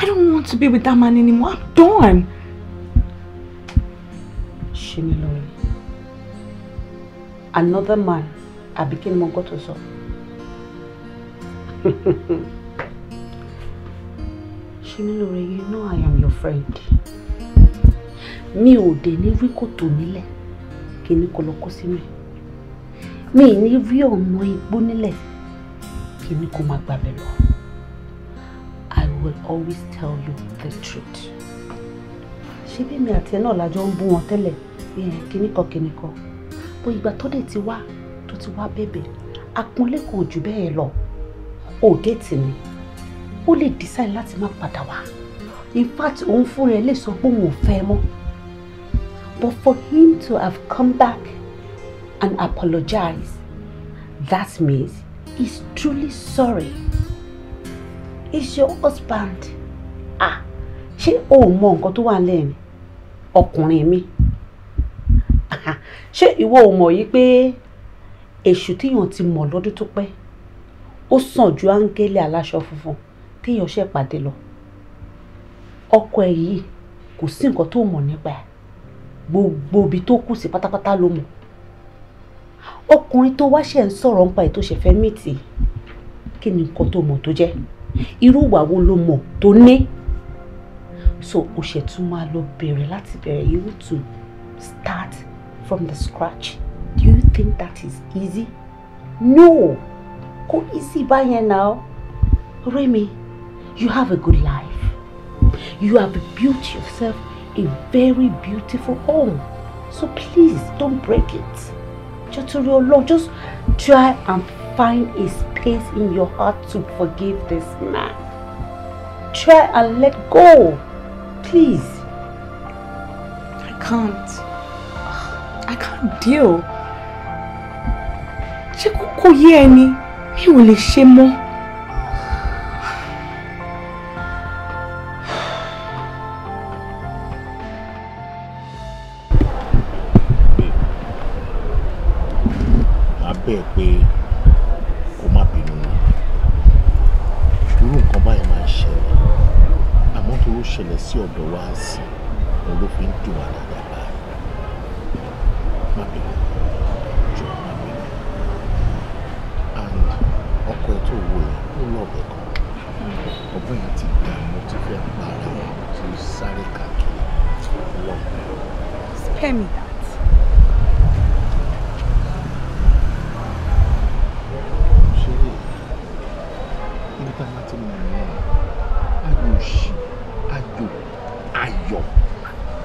I don't want to be with that man anymore I'm done. ṣe mí another man I kí ni mo [LAUGHS] ṣe you know I am your friend mi ò dé ní rí kòtò nílẹ̀ kí ni kò lọ kó sínú ẹ̀ mi ì ní rí ọ̀nà igbó nílẹ̀ kí ni kò má I will always tell you the truth ṣé bí mi àti ẹ náà lájọ ń bú wọn tẹ́lẹ̀ kíní kan kíní kan bó ìgbà tó dé ti wá tó ti wá bẹ̀bẹ̀ àpọ́nlé kan jù bẹ́ẹ̀ lọ òde tì mí ó lè decide láti má padà wá in fact òun fúnra ẹ̀ lè sọ pé òun ò fẹ́ mọ́ but for him to have come back and apologize that means he's truly sorry he's your husband ah ṣé o ò mọ nǹkan tó wà lẹ́yìn ọkùnrin mi [LAUGHS] ṣé ìwọ ò mọ̀ yìí pé èṣù tíyàn ti mọ̀ lọ́dún tó pẹ́ ó sàn ju áńgẹ́lì aláṣọ funfun téèyàn ṣe pàdé lọ ọkọ ẹ yìí kò sí nǹkan tó mọ̀ nípa ẹ̀ gbogbo ibi tó kù sí pátápátá ló mọ̀ ọkùnrin tó wá ṣe ń sọ̀rọ̀ nípa ẹ̀ tó ṣe fẹ́ mìtì kí ni nǹkan tó mọ̀ tó jẹ́ irú ìwà wo ló mọ̀ tó ní so o ṣe tún máa lọ bẹ̀rẹ̀ láti bẹ̀rẹ̀ you to start from the scratch do you think that is easy no kò easy báyẹn náà rí mi. you have a good life. You have built yourself a very beautiful home. So please don't break it. your Lord, just try and find a space in your heart to forgive this man. Try and let go. Please. I can't. I can't deal. Ṣé kókó yé ẹni? Mi ò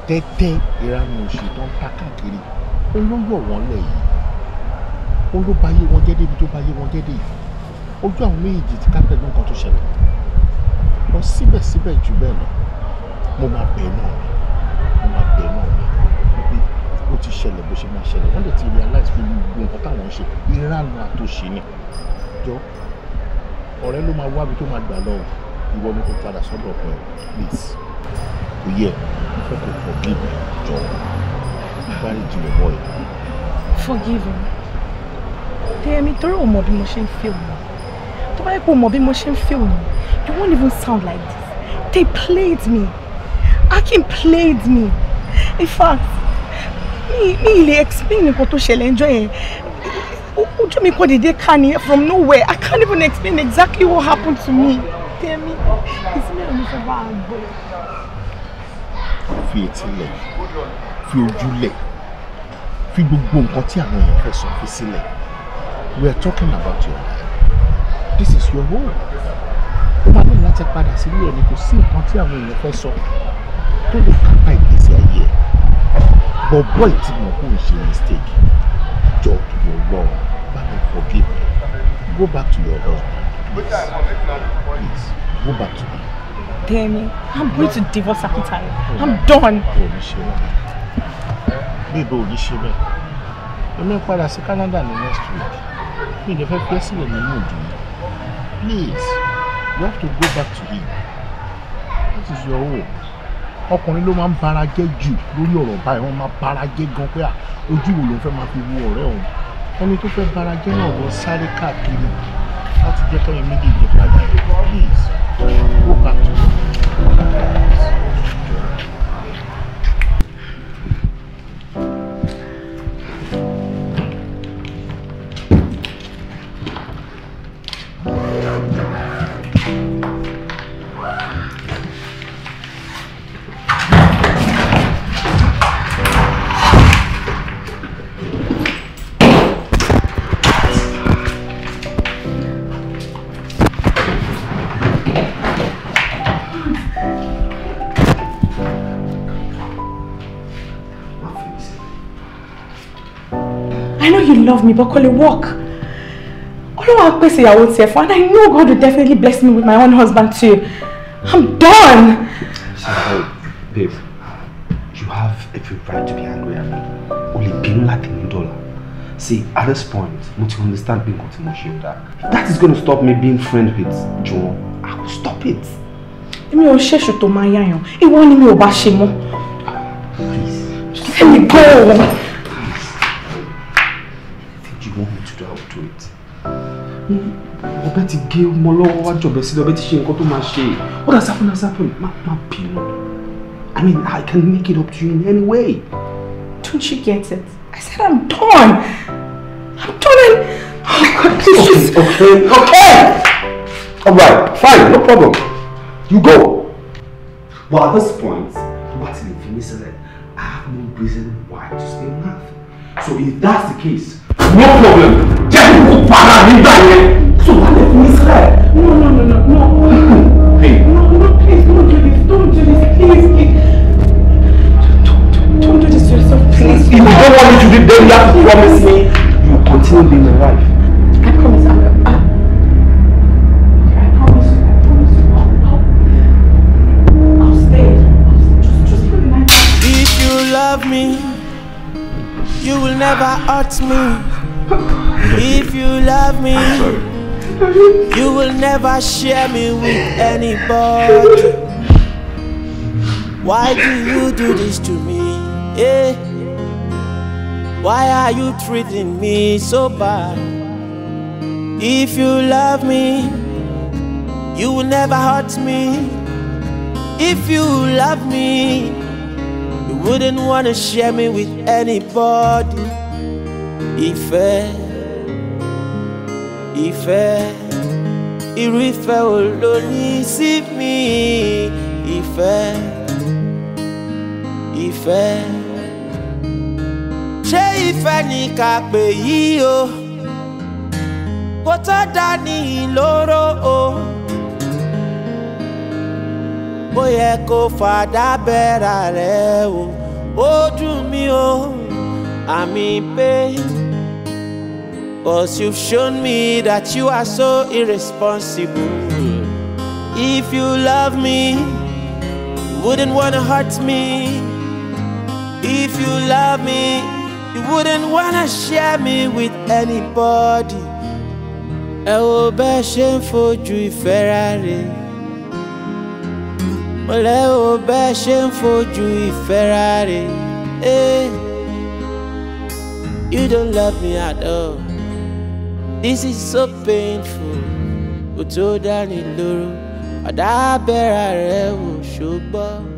tẹ́tẹ́ ìranù òṣì tó ń ta káàkiri ó ló yọ̀ wọ́n lẹ̀ yìí ó ló bá yé wọn jẹ́ débi tó bá yé wọn jẹ́ dé yìí ojú àwọn méjì ti ká pẹ̀lú nǹkan tó ṣẹlẹ̀ lọ síbẹ̀síbẹ̀ jù bẹ́ẹ̀ lọ mo máa bẹ̀ náà mi mo máa bẹ̀ náà mi wípé ó ti ṣẹlẹ̀ bó ṣe máa ṣẹlẹ̀ wọ́n lè ti realize pé gbogbo nǹkan táwọn ń ṣe ìranù àtòṣì ni jọ ọ̀rẹ́ ló máa wábi tó máa gbà lọ ìwọ ni kò padà sọ́dọ̀ ọ̀pọ̀ please kò yẹ. Yeah fẹ́ kó forgive me jọ dáríjì mi boy. forgive me Tell me, throw mọ̀ bí mo film. Throw feel mi tó film. yẹ you won't even sound like this they played me Akin played me in fact mi me. lè explain nǹkan to ṣẹlẹ̀ ńjọ́ yẹn ojú mi kò dédé ká ni from nowhere I can't even explain exactly what happened to me Tell me. ò ní sọ a bad boy fi etí lẹ̀ fi ojú lẹ̀ fi gbogbo nǹkan tí àwọn èèyàn fẹ́ sọ fi sílẹ̀ we are talking about your life this is your home ó máa ní láti padà sílé ẹni kò sí nǹkan tí àwọn èèyàn fẹ́ sọ tó lè kápá ìgbésí ayé ẹ̀ bọ̀bọ̀ ìtìmọ̀ kò ń ṣe mistake jọ òdòdó lọ́wọ́ bá mi forgive me go back to your husband please go back to me. Demi. I'm going to divorce Akitayo. Oh. I'm done. Oh, Bíbo ò ní ṣe bẹ́ẹ̀. Èmi ń padà sí Canada ní next week. Mi ò fẹ́ pẹ́ sílẹ̀ nínú mood. Please, you have to go back to him. This is your home. Ọkùnrin ló máa ń bara jẹ́ jù lórí ọ̀rọ̀ báyìí. Wọ́n máa bara jẹ́ gan pé ojú wo ló ń fẹ́ máa fi wo ọ̀rẹ́ òun. Ẹni tó fẹ́ bara jẹ́ náà lọ sáré káàkiri láti jẹ́ kẹ́yìn méjèèjì padà. Please, go back love me but kò lè work ọlọ́wà á pèsè ìyàwó tiẹ̀ fún and I know God will definitely bless me with my own husband too I'm done. So, babe you have every right to be angry at me o lè bínú láti ní see at this point mo you understand pé nǹkan tí mo ṣe that is going to stop me being friends with Joe. I will stop it. èmi ò ṣèṣù tó máa yáyan ìwọ ni mi ò bá Please. Let me go. ọbẹ̀ ti gé ọmọ lọ́wọ́ wájú ọbẹ̀ sílẹ̀ ọbẹ̀ ti ṣe nǹkan tó máa ṣe ó dà sáfún náà sáfún má má bínú I mean I can make it up to you in any way. Don't you get it? I said I'm done. I'm done and oh God please okay, just. Okay okay okay alright fine no problem you go but at this point you gats dey finish it I have no reason why to stay mad so if that's the case. no problem jẹ́ kó padà nígbà yẹn So wà lẹ́ fún Israel. no no no no no hey. no no please don't do this don't do this please please don't don't, don't do this to yourself please. if you don't want me to be there you have to promise me you will continue being my wife. I promise I will. I Love me, you will never hurt me. If you love me, you will never share me with anybody. Why do you do this to me? Eh? Why are you treating me so bad? If you love me, you will never hurt me. If you love me, you wouldn't want to share me with anybody. ìfẹ́ ìfẹ́ irú ìfẹ́ wo ló ní sí mi ìfẹ́ ìfẹ́ ṣé ìfẹ́ ni ká pè yí o kó tó dání ìlóró o ó yẹ kó fàdá bẹ́ra rẹ o ó dùn mí o àmì pé. Cause you've shown me that you are so irresponsible. If you love me, you wouldn't wanna hurt me. If you love me, you wouldn't wanna share me with anybody. ẹ wo bẹ́ ṣe Ferrari. fojú ìfẹ́ for mọ̀lẹ́ Ferrari. bẹ́ You don't love me at all. This is so painful kò tó dání lóró àdábẹ́ra rẹ̀ wò ṣùgbọ́n.